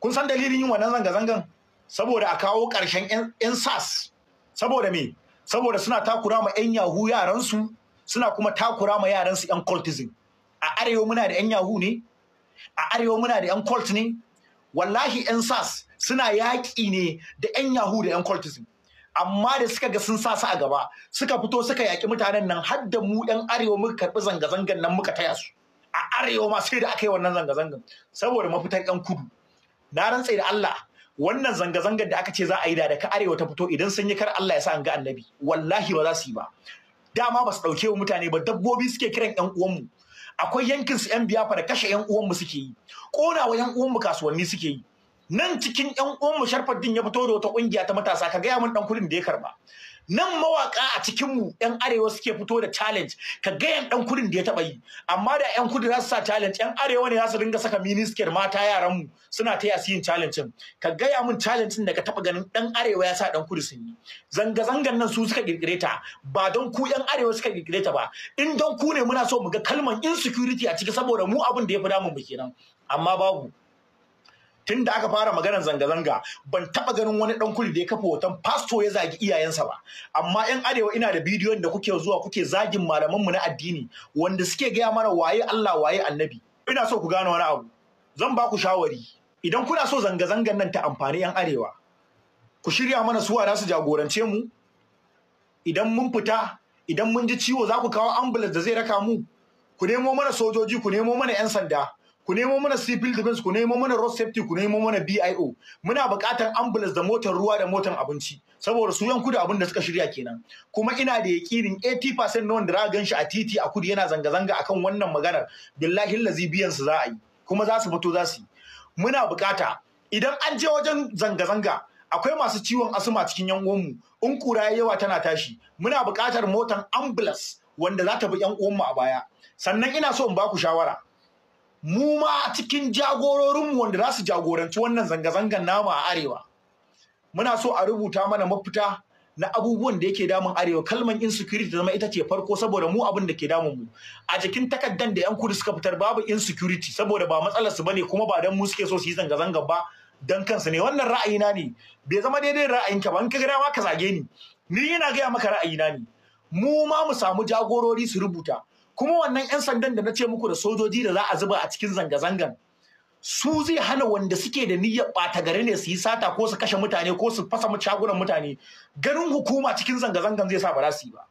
kun san dalilin yin wannan zanga-zangan saboda a kawo ƙarshen 'yan sas saboda me saboda suna takura ma 'yan yahu yaransu suna kuma takura ma yaransu 'yan cultism a arewa muna da 'yan yahu ne a arewa muna da 'yan cult ne wallahi 'yan sas suna yaƙi ne da 'yan yahu da 'yan cultism amma da suka ga sun sa su a gaba suka fito suka yaƙi mutanen nan har da mu 'yan arewa muka karɓi zanga-zangan nan muka taya su a arewa ma sai da aka yi wannan zanga-zangan saboda mafitar 'yan kudu na rantse da Allah wannan zanga-zangar da aka ce za a yi da daga arewa ta fito idan sun yi kar Allah ya sa an ga annabi wallahi ba za su yi ba dama ba su ɗauke wa mutane ba dabbobi suke kiran 'yan uwanmu akwai yankin su 'yan biyafa da kashe 'yan uwanmu suke yi ƙona wa 'yan uwanmu kasuwanni suke yi nan cikin yan sharfar din ya fito da wata kungiya ta matasa ka gaya mun dan kudin da ya karba nan mawaka a cikin mu yan arewa suke fito da challenge ka gaya dan kudin da ya taɓa yi amma da yan kudu za su sa challenge yan arewa ne za su dinga saka miniskir mata yaran mu suna ta yasi yin challenge ka gaya mun challenge da ka taba ganin dan arewa ya sa dan kudu sun yi zanga zangan nan su suka kirkire ta ba don ku yan arewa suka kirkire ta ba in don ku ne muna so mu ga kalman insecurity a ciki saboda mu abin da ya fi damun mu kenan amma babu tun da aka fara maganar zanga-zanga ban taba ganin wani dan kudi da ya kafa hoton pasto ya zagi iyayensa ba amma yan arewa ina da bidiyon da kuke zuwa kuke zagin malaman mu na addini wanda suke gaya mana waye Allah waye annabi ina so ku gane wani abu zan ba ku shawari idan kuna so zanga-zangan nan ta amfani yan arewa ku shirya mana suwa za su jagorance mu idan mun fita idan mun ji ciwo za ku kawo ambulance da zai raka mu ku nemo mana sojoji ku nemo mana yan sanda ku nemo mana civil defense ku nemo mana road safety ku nemo mana BIO muna buƙatar ambulance da motar ruwa da motar abinci saboda su yan kudu abin da suka shirya kenan kuma ina da yakinin 80% na wanda za gan a titi a kudu yana zanga zanga akan wannan maganar billahi lazi biyan su za a yi kuma za su fito za su yi muna buƙata idan an je wajen zanga zanga akwai masu ciwon asuma cikin yan uwanmu in kura yawa tana tashi muna buƙatar motar ambulance wanda za ta bi yan uwanmu a baya sannan ina so in ba ku shawara mu ma cikin jagororinmu wanda za su jagoranci wannan zanga-zangan nama a arewa muna so a rubuta mana mafita na abubuwan da yake damun arewa kalman insecurity zama ita ce farko saboda mu abin da ke damun mu a jikin takaddan da yan kudu suka fitar babu insecurity saboda ba matsalar su bane kuma ba dan mu suke so su yi zanga-zanga ba dan kansu ne wannan ra'ayina ne bai zama daidai ra'ayinka ba in ka ga ma ka zage ni ni yana gaya maka ra'ayina ne mu ma mu samu jagorori su rubuta kuma wannan 'yan sandan da na ce muku da sojoji da za a zuba a cikin zanga-zangan su zai hana wanda suke da niyyar ɓata gari ne su yi sata ko su kashe mutane ko su fasa shagunan mutane ganin hukuma cikin zanga-zangan zai sa ba za su yi ba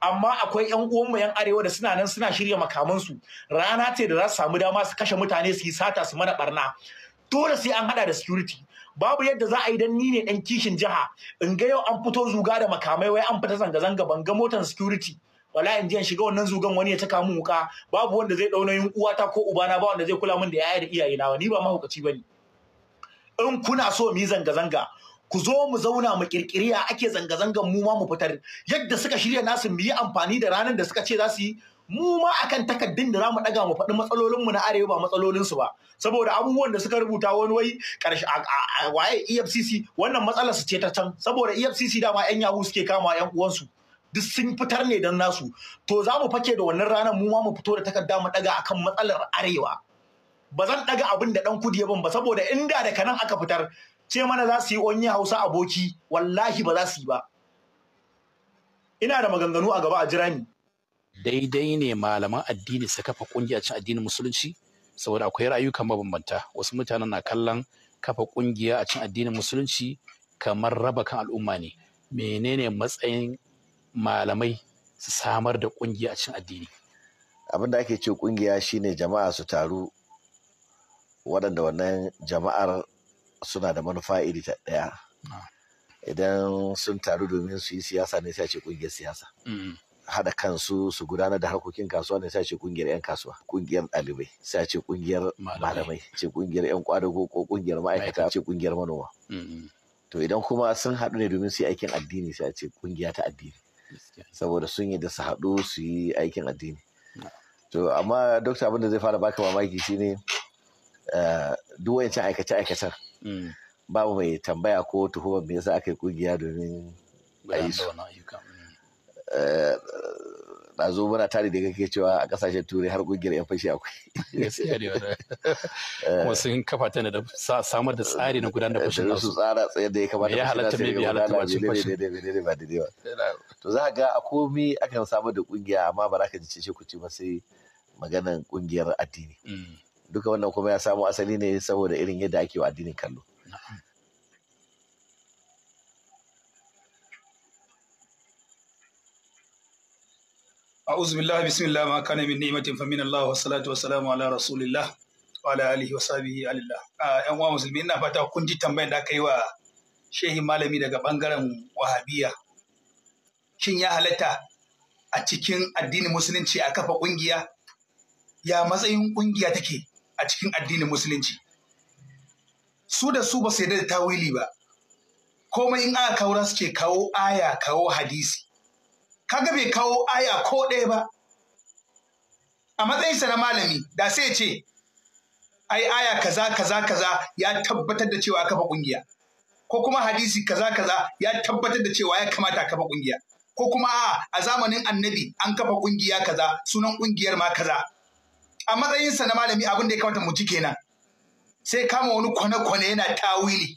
amma akwai yan uwanmu yan arewa da suna nan suna shirya makamansu rana ce da za su samu dama su kashe mutane su yi sata su mana barna dole sai an hada da security babu yadda za a yi dan ni ne dan kishin jiha in ga yau an fito zuga da makamai wai an fita zanga zanga ban ga motan security wala in ji in shiga wannan zugan wani ya taka mun wuka babu wanda zai dauna yin uwata ko ubana ba wanda zai kula min da yaya da iyaye na ni ba mahaukaci bane in kuna so mu zanga zanga ku zo mu zauna mu kirkiriya ake zanga zangan mu ma mu fitar yadda suka shirya nasu mu yi amfani da ranar da suka ce za su yi mu ma akan takaddun da zamu daga mu faɗi matsalolin mu na arewa ba matsalolin su ba saboda abubuwan da suka rubuta wani wai karshe waye EFCC wannan matsalar su ce ta can saboda EFCC dama yan yahu suke kama yan uwansu duk sun fitar ne don nasu to za mu fake da wannan ranar mu ma mu fito da takarda mu daga akan matsalar arewa ba zan daga abin da dan kudi ya ban ba saboda inda da nan aka fitar ce mana za su yi onye hausa aboki wallahi ba za su yi ba ina da maganganu a gaba a jira ni daidai ne malaman addini su kafa kungiya cin addinin musulunci saboda akwai rayuka mabambanta wasu mutanen na kallon kafa kungiya a cin addinin musulunci kamar raba kan al'umma ne menene matsayin malamai su samar da kungiya a addini abin da ake ce kungiya shine jama'a su taru waɗanda wannan jama'ar suna da manufa iri ta ɗaya ah. idan sun taru domin su yi siyasa ne sai ce kungiyar siyasa mm-hmm. hada kansu su gudanar da harkokin kasuwa ne sai ce kungiyar 'yan kasuwa kungiyar ɗalibai sai ce kungiyar malamai ce kungiyar 'yan kwadago ko kungiyar ma'aikata ce kungiyar manoma mm-hmm. to idan kuma sun haɗu ne domin su yi aikin addini sai ce kungiya ta addini saboda sun yi da su haɗu su yi aikin addini to amma dokta abin da zai fara baka mamaki shine eh, duk wancan aikace aikacen mm. babu mai tambaya ko tuhumar me yasa aka yi kungiya domin a yi su zo muna tare da kake cewa a ƙasashen turai har ƙungiyar 'yan fashi akwai. Eh. Kuma sun kafa ta da samar da tsari na gudanar da eh, fashin nasu. Su tsara tsayar da ya kamata ya halatta mai ya halatta masu fashi. Ba da ba. To za ga a komi akan samar da ƙungiya amma ba za ka ji ce ku ba sai maganan ƙungiyar addini. Mm. Duka wannan kuma ya samo asali ne saboda irin yadda ake wa addinin kallo. أعوذ بالله بسم الله ما na uwa musulmi ina fata kun ji tambayar da aka yi wa shehi malami daga bangaren wahabiyya shin ya halatta a cikin addinin musulunci a kafa ƙungiya ya matsayin ƙungiya take a cikin addinin musulunci su da su ba su yarda da tawili ba komai in aka kawo su ce kawo aya kawo hadisi kaga bai kawo aya ko ɗaya ba a matsayinsa na malami da sai ce ai aya kaza kaza kaza ya tabbatar da cewa kafa kungiya ko kuma hadisi kaza kaza ya tabbatar da cewa ya kamata kafa kungiya ko kuma a a zamanin annabi an kafa kungiya kaza sunan ƙungiyar ma kaza a matsayinsa na malami abin da ya kamata mu ci kenan sai kama wani kwane-kwane yana tawili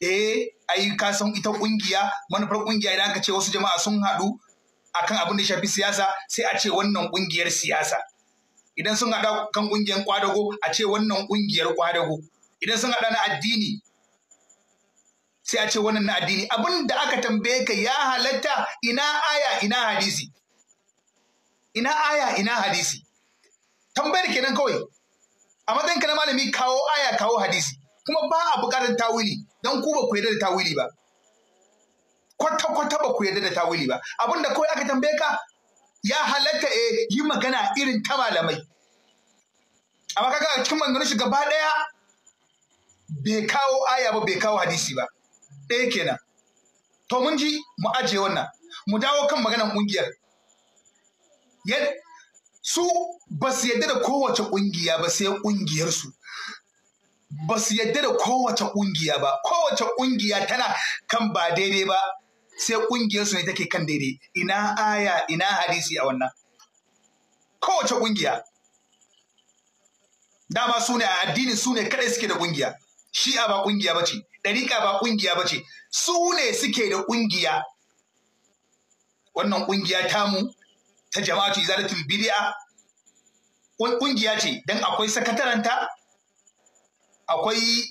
eh ai ka san ita kungiya manufar kungiya idan aka ce wasu jama'a sun haɗu akan abin da ya shafi siyasa sai a ce wannan kungiyar siyasa idan sun haɗa kan kungiyar kwadago a ce wannan kungiyar kwadago idan sun haɗa na addini sai a ce wannan na addini abin da aka tambaye ka ya halatta ina aya ina hadisi ina aya ina hadisi tambayar kenan kawai a matsayin ka na malami kawo aya kawo hadisi kuma ba a buƙatar tawili don ku ba ku yarda da tawili ba kwata-kwata ba ku yarda da tawili ba Abin da kawai aka tambaye ka ya halatta e yi magana irin ta malamai amma kaga cikin maganganun shi gaba ɗaya bai kawo aya ba bai kawo hadisi ba ɗaya kenan to mun ji mu ajiye wannan mu dawo kan maganar ƙungiyar su ba su yadda da kowace ƙungiya ba sai ƙungiyarsu ba su yadda da kowace ƙungiya ba kowace ƙungiya tana kan ba daidai ba sai ƙungiyarsu ne take kan daidai ina aya ina hadisi a wannan kowace ƙungiya dama su ne a addini su ne kaɗai suke da ƙungiya shi'a ba ƙungiya ba ce ɗariƙa ba ƙungiya ba ce su ne suke da ƙungiya wannan ƙungiya tamu ta jama'atu izalatul bid'a ƙungiya ce dan akwai sakataranta akwai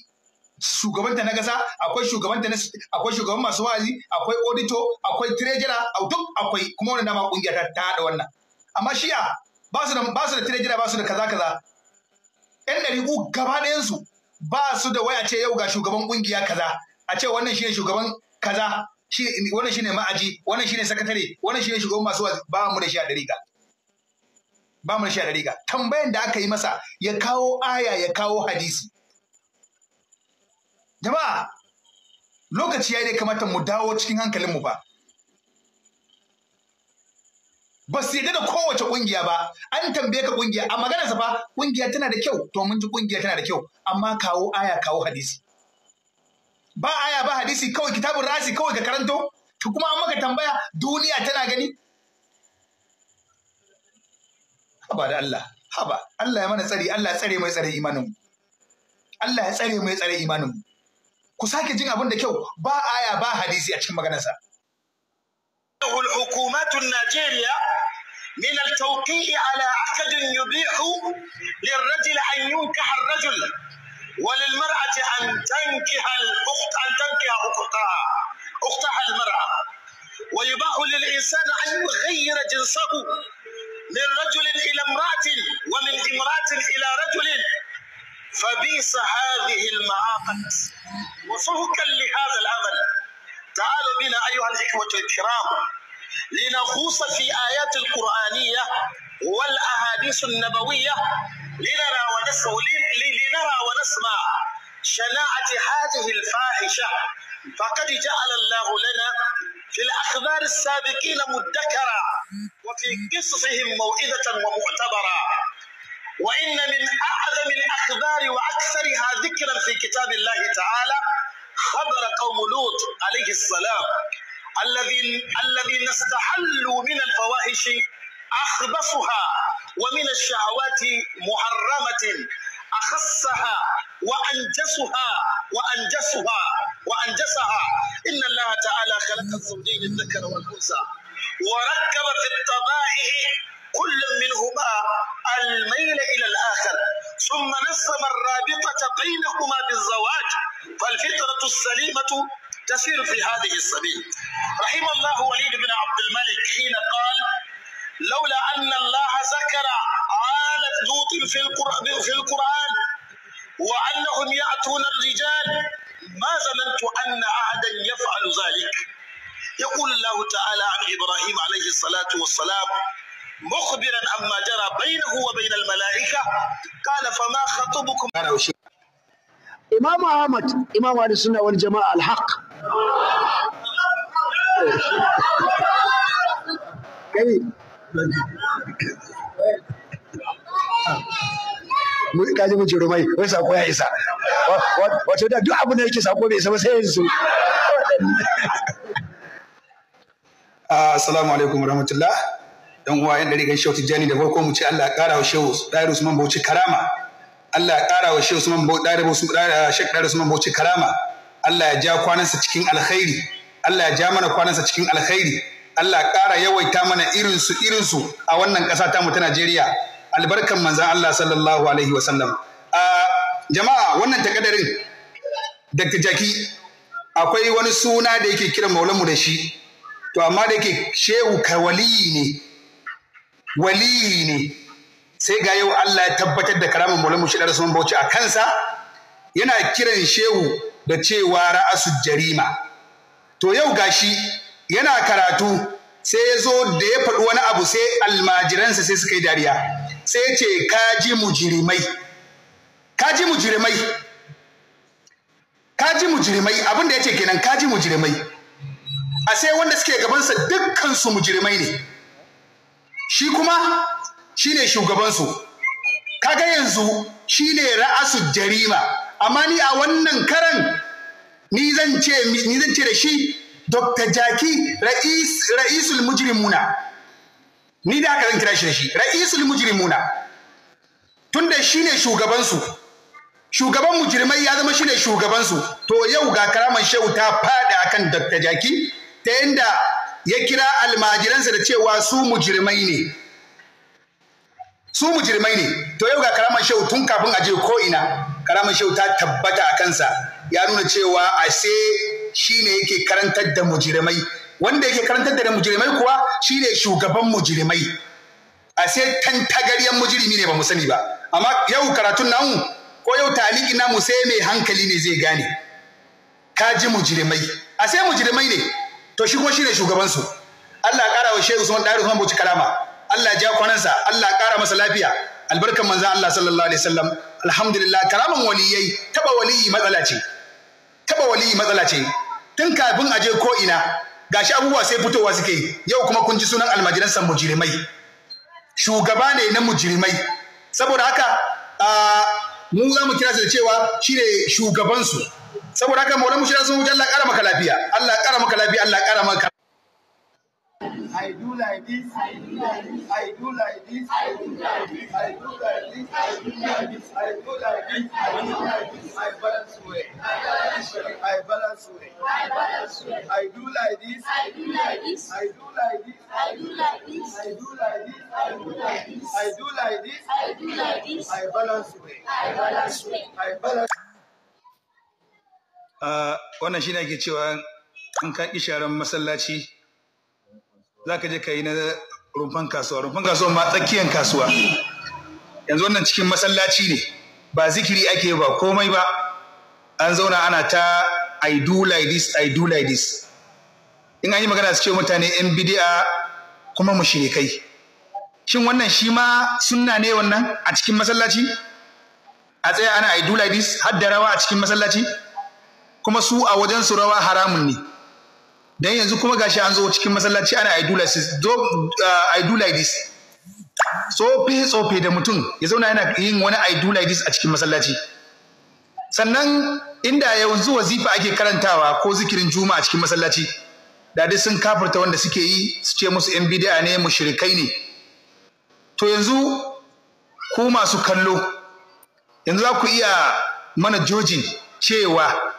shugabanta na gasa, akwai shugabanta na akwai shugaban masu wa'azi akwai odito akwai a duk akwai kuma wannan dama kungiyar ta hada wannan amma shi'a ba su da ba su da trejera ba su da kaza kaza ɗan uku gaba su ba su da waya ce yau ga shugaban kungiya kaza a ce wannan shine shugaban kaza shi wannan shine ma'aji wannan shine sakatare wannan shine shugaban masu wa'azi ba mu da shi a dariƙa ba mu da shi a dariƙa tambayan da aka yi masa ya kawo aya ya kawo hadisi jama'a lokaci ya dai kamata mu dawo cikin hankalinmu ba ba su yadda da kowace ƙungiya ba an tambaye ka ƙungiya a magana sa fa ƙungiya tana da kyau to mun ji ƙungiya tana da kyau amma kawo aya kawo hadisi ba aya ba hadisi kawai kitabun rasi kawai ka karanto to kuma an maka tambaya duniya tana gani haba da Allah haba Allah ya mana tsari Allah ya tsare mai tsare imaninmu. Allah ya tsare mai tsare imaninmu. ku sake jin abin da kyau ba aya ba hadisi a cikin maganarsa الحكومات الناجيرية من التوقيع على عقد يبيح للرجل أن ينكح الرجل وللمرأة أن تنكح الأخت أن تنكح أختها أختها المرأة ويباح للإنسان أن يغير جنسه من رجل إلى امرأة ومن امرأة إلى رجل فبئس هذه المعاقد وفهكا لهذا العمل تعال بنا أيها الإخوة الكرام لنغوص في آيات القرآنية والأحاديث النبوية لنرى ونسمع لنرى ونسمع شناعة هذه الفاحشة فقد جعل الله لنا في الأخبار السابقين مدكرا وفي قصصهم موئدة ومعتبرا وإن من أعظم الأخبار وأكثرها ذكرا في كتاب الله تعالى خبر قوم لوط عليه السلام الذين الذين استحلوا من الفواحش أخبصها ومن الشهوات محرمة أخصها وأنجسها وأنجسها وأنجسها إن الله تعالى خلق الزوجين الذكر والأنثى وركب في الطبائع كل منهما الميل إلى الآخر ثم نسم الرابطة بينهما بالزواج فالفطرة السليمة تسير في هذه السبيل رحم الله وليد بن عبد الملك حين قال لولا أن الله ذكر آلة لوط في القرآن, في القرآن وأنهم يأتون الرجال ما ظننت أن أحدا يفعل ذلك يقول الله تعالى عن إبراهيم عليه الصلاة والسلام مخبرا عما جرى بينه وبين الملائكة قال فما خطبكم إمام أحمد إمام أهل الحق kaji mu jirumai wai sako ya isa wato da duk abin da yake sako bai isa ba sai yanzu assalamu alaikum warahmatullahi dan uwa yadda rigan shehu jani da farko mu ce Allah ya kara wa shehu su usman bauchi karama Allah ya kara wa shehu usman eh, bauchi ɗayar karama Allah ya ja kwanansa cikin alkhairi Allah ya ja mana kwanansa cikin alkhairi Allah ya kara yawaita mana irinsu irinsu a wannan ƙasa mu ta Najeriya albarkan manzan Allah sallallahu alaihi wasallam ah, jama'a wannan takadarin Dr. Jaki akwai wani suna da yake kiran maulanmu da shi to amma da yake shehu kawali ne Wali ne sai ga yau Allah ya tabbatar da karamin mushi da Rasulun Bauchi a kansa yana kiran shehu da cewa ra'asu jarima to yau gashi yana karatu sai ya zo da ya faɗi wani abu sai almajiransa sai suka yi dariya sai ya ce kaji mujirimai kaji mujirimai kaji mujirimai abin da ya ce kenan kaji mujirimai a sai wanda suke gabansa dukkansu mujirimai ne shi kuma shi ne shugabansu kaga yanzu shi ne ra'asu jarima amma ni a wannan karan ni zan ce da shi dr jaki ra'isul mujrimuna ni da haka zan kira shi da shi ra'isul mujrimuna tunda shi ne shugabansu shugaban mujrimai ya zama shi ne shugabansu to yau ga karamar shehu ta fada akan dr jaki ta yanda ya kira almajiransa da cewa su mujirmai ne su mujirmai ne to yau ga karaman shau tun kafin a je koina ina karaman shau ta tabbata a kansa ya nuna cewa a sai shi ne yake karantar da mujirmai wanda yake karantar da mujirmai kuwa shi ne shugaban mujirmai a sai tantagaryen mujirmi ne ba mu sani ba amma yau karatun namu ko yau taliki mu sai mai hankali ne zai gane ka ji mujirmai a sai mujirmai ne to shi kuma shi ne shugabansu Allah ƙara wa Shehu Usman Ɗari Usman Bauchi Karama Allah ya ja kwanansa Allah ƙara masa lafiya albarkan manzan Allah sallallahu alaihi wasallam alhamdulillah karaman waliyai taba waliyi matsala ce taba waliyi matsala ce tun kafin aje ko ina gashi abubuwa sai fitowa suke yau kuma kun ji sunan almajiran san jirimai. shugaba ne na mujirimai saboda haka ah, mu za mu kira su da cewa shi ne shugabansu saboda haka maulana mushi sun wuce Allah ƙara maka lafiya Allah ƙara maka lafiya Allah ƙara maka I do like this, I do like this, I do like this, I do like this, I do like this, I do like this, I do like this, I do like this, I balance away, I balance away, I balance away, I do like this, I do like this, I do like this, I do like this, I do like this, I do like this, I do like this, I do like this, I balance away, I balance away, I balance. wannan shi ne ke cewa in ka ƙi sharan masallaci za ka je ka yi na rumfan kasuwa rumfan kasuwa ma tsakiyan kasuwa yanzu wannan cikin masallaci ne ba zikiri ake ba komai ba an zauna ana ta i do like this i do like this in an yi magana su ce mutane yan bidi'a kuma kai shin wannan shi ma sunna ne wannan a cikin masallaci a tsaya ana i do like this har da rawa a cikin masallaci kuma su a wajen su rawa haramun ne dan yanzu kuma gashi an zo cikin masallaci ana so pe uh, tsofe tsofe da mutum ya zauna yana yin wani idolitis a cikin masallaci sannan inda yanzu wazifa ake karantawa ko zikirin juma'a cikin masallaci da dai sun kafarta wanda suke yi su ce musu yan bid'a ne mushrikai ne to yanzu ku masu kallo yanzu za ku iya mana jojin cewa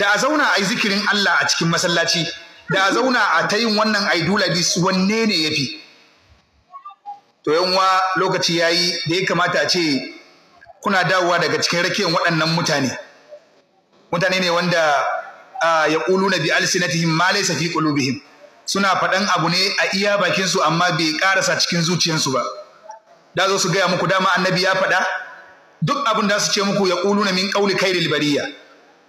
da a zauna a yi zikirin Allah a cikin masallaci da a zauna a ta yin wannan aidulabis wanne ne ya fi to yanwa lokaci ya yi da ya kamata a ce kuna dawowa daga cikin rakiyar waɗannan mutane mutane ne wanda ya ƙulu na bi alsinatihim ma Safi fi qulubihim suna faɗan abu ne a iya bakinsu amma bai ƙarasa cikin zuciyarsu ba da zo su gaya muku dama annabi ya faɗa duk abin da su ce muku ya ƙulu na min ƙauli da libariya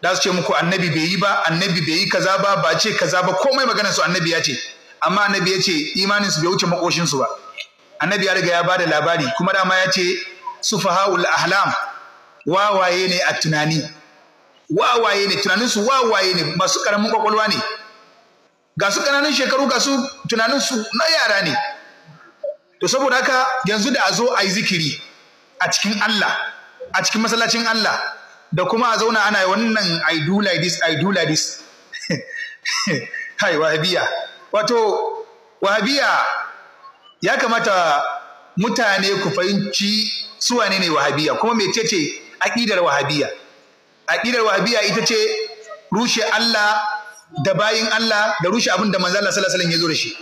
da su ce muku annabi bai yi ba annabi bai yi kaza ba ba ce kaza ba komai maganar su annabi ya ce amma annabi ya ce imanin su bai wuce makoshin su ba annabi ya riga ya bada labari kuma dama ya ce sufahaul ahlam wawaye ne a tunani wawaye ne tunanin su wawaye ne masu karamin kwakwalwa ne ga su kananan shekaru ga su tunanin su na yara ne to saboda haka yanzu da a zo a yi zikiri a cikin Allah a cikin masallacin Allah da kuma a zauna ana wannan I do like this I do like this hai wahabiya wato wahabiya ya kamata mutane ku fahimci su wane ne wahabiya kuma mecece aƙidar wahabiya aƙidar wahabiya ita ce rushe Allah da bayin Allah da rushe abin da manzala ya zo da shi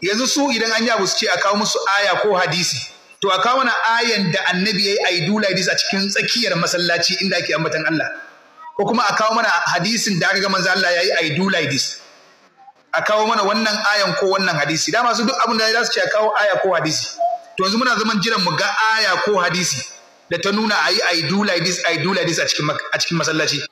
yanzu su idan an yi abu su ce a kawo musu aya ko hadisi to a kawo na ayan da annabi ya yi I a cikin tsakiyar masallaci inda ake ambatan Allah ko kuma a kawo mana hadisin da aka ga manzo Allah ya yi I do a kawo mana wannan ayan ko wannan hadisi dama su duk abin da za su ce a kawo aya ko hadisi to yanzu muna zaman jiran mu ga aya ko hadisi da ta nuna a yi I do a cikin masallaci